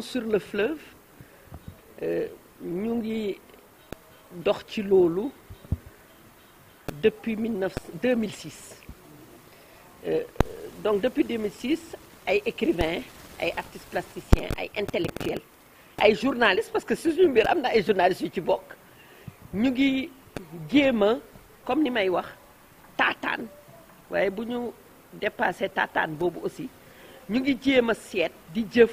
sur le fleuve euh, ñu ngi dox ci loolu depuis 19 2006 euh, donc depuis 2006 ay écrivains ay artistes plasticiens ay intellectuels ay journalistes parce que si suñu mbir amna ay journalistes yu ci bok ñu ngi comme ni may wax tatane waye buñu nous dépassé tatan aussi ñu ngi jéem set di jëf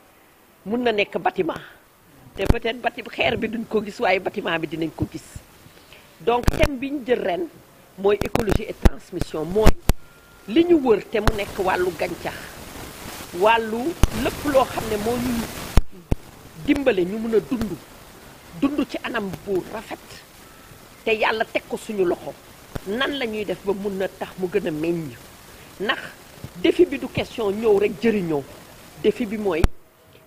mun na nekk bâtiment te peut-être bati xeer bi duñ ko gis waaye bâtiment bi dinañ ko gis donc thème bi ñu jël ren mooy écologie et transmission mooy li ñu wër te mu nekk wàllu gàncax wàllu lépp loo xam ne moo ñuy dimbale ñu mun a dund dund ci anam bu rafet te yàlla teg ko suñu loxo nan la ñuy def ba mun na tax mu gën a meññ ndax défi bi du question ñëw rek jëriñoo défi bi mooy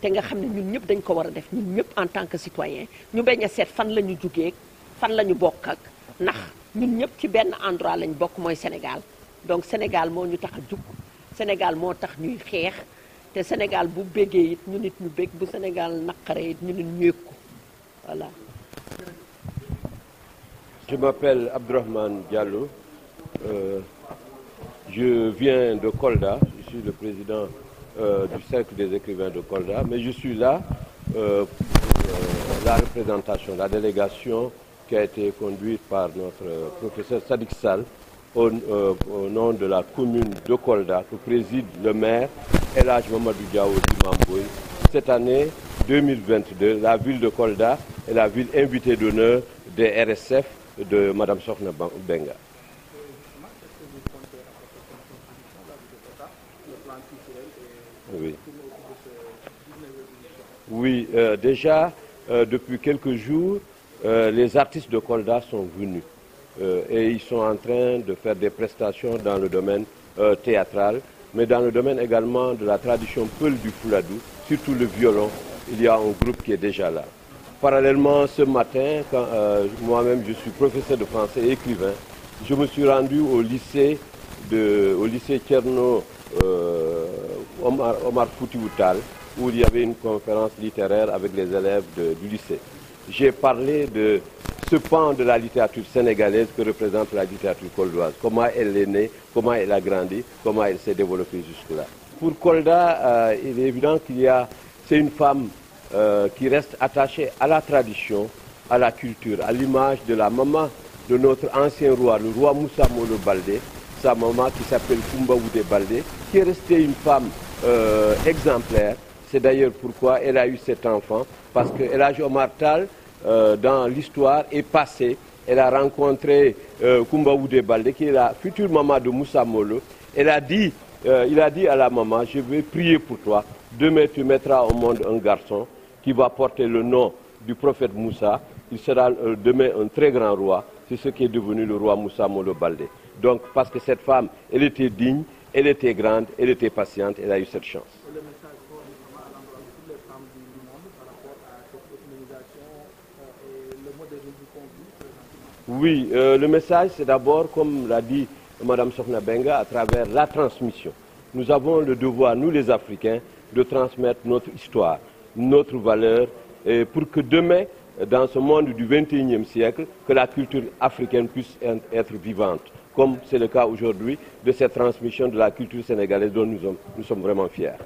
te nga xam ne ñun ñëpp dañ ko war a def ñun ñëpp en tant que citoyen ñu bañ a seet fan la ñu jugee fan la ñu bokk ak ndax ñun ñëpp ci benn endroit lañ bokk mooy Sénégal donc Sénégal moo ñu tax a jug Sénégal moo tax ñuy xeex te Sénégal bu béggee it ñu nit ñu bég bu Sénégal naqaree it ñu nit ñu yëg ko voilà. Je m'appelle Abdourahmane Diallo. Euh, je viens de Kolda. Je suis le président euh, du Cercle des écrivains de Kolda, mais je suis là euh, pour euh, la représentation, la délégation qui a été conduite par notre professeur Sadik Sal au, nom de la commune de Kolda que préside le maire Elage Mamadou du Mamboui. Cette année 2022, la ville de Kolda est la ville invitée d'honneur des RSF de Mme Sofna Benga. Oui. Oui, euh, déjà, euh, depuis quelques jours, euh, les artistes de Kolda sont venus et ils sont en train de faire des prestations dans le domaine théâtral, mais dans le domaine également de la tradition Peul du Fouladou, surtout le violon, il y a un groupe qui est déjà là. Parallèlement, ce matin, moi-même je suis professeur de français et écrivain, je me suis rendu au lycée, de, au lycée Tcherno Omar, Omar où il y avait une conférence littéraire avec les élèves du lycée. J'ai parlé de ce pan de la littérature sénégalaise que représente la littérature coldoise, comment elle est née, comment elle a grandi, comment elle s'est développée jusque-là. Pour Kolda, euh, il est évident qu'il y a, c'est une femme euh, qui reste attachée à la tradition, à la culture, à l'image de la maman de notre ancien roi, le roi Moussa Molo Baldé, sa maman qui s'appelle Kumba Baldé, qui est restée une femme euh, exemplaire. C'est d'ailleurs pourquoi elle a eu cet enfant, parce que l'âge Omar euh, dans l'histoire, est passé. Elle a rencontré euh, Kumba Balde, qui est la future maman de Moussa Molo. Elle a dit, euh, il a dit à la maman, je vais prier pour toi. Demain, tu mettras au monde un garçon qui va porter le nom du prophète Moussa. Il sera demain un très grand roi. C'est ce qui est devenu le roi Moussa Molo Balde. Donc, parce que cette femme, elle était digne, elle était grande, elle était patiente, elle a eu cette chance. Euh, euh, oui, euh, le message, c'est d'abord, comme l'a dit Mme Sofna Benga, à travers la transmission. Nous avons le devoir, nous les Africains, de transmettre notre histoire, notre valeur, pour que demain, dans ce monde du XXIe siècle, que la culture africaine puisse être vivante comme c'est le cas aujourd'hui, de cette transmission de la culture sénégalaise dont nous sommes, vraiment fiers.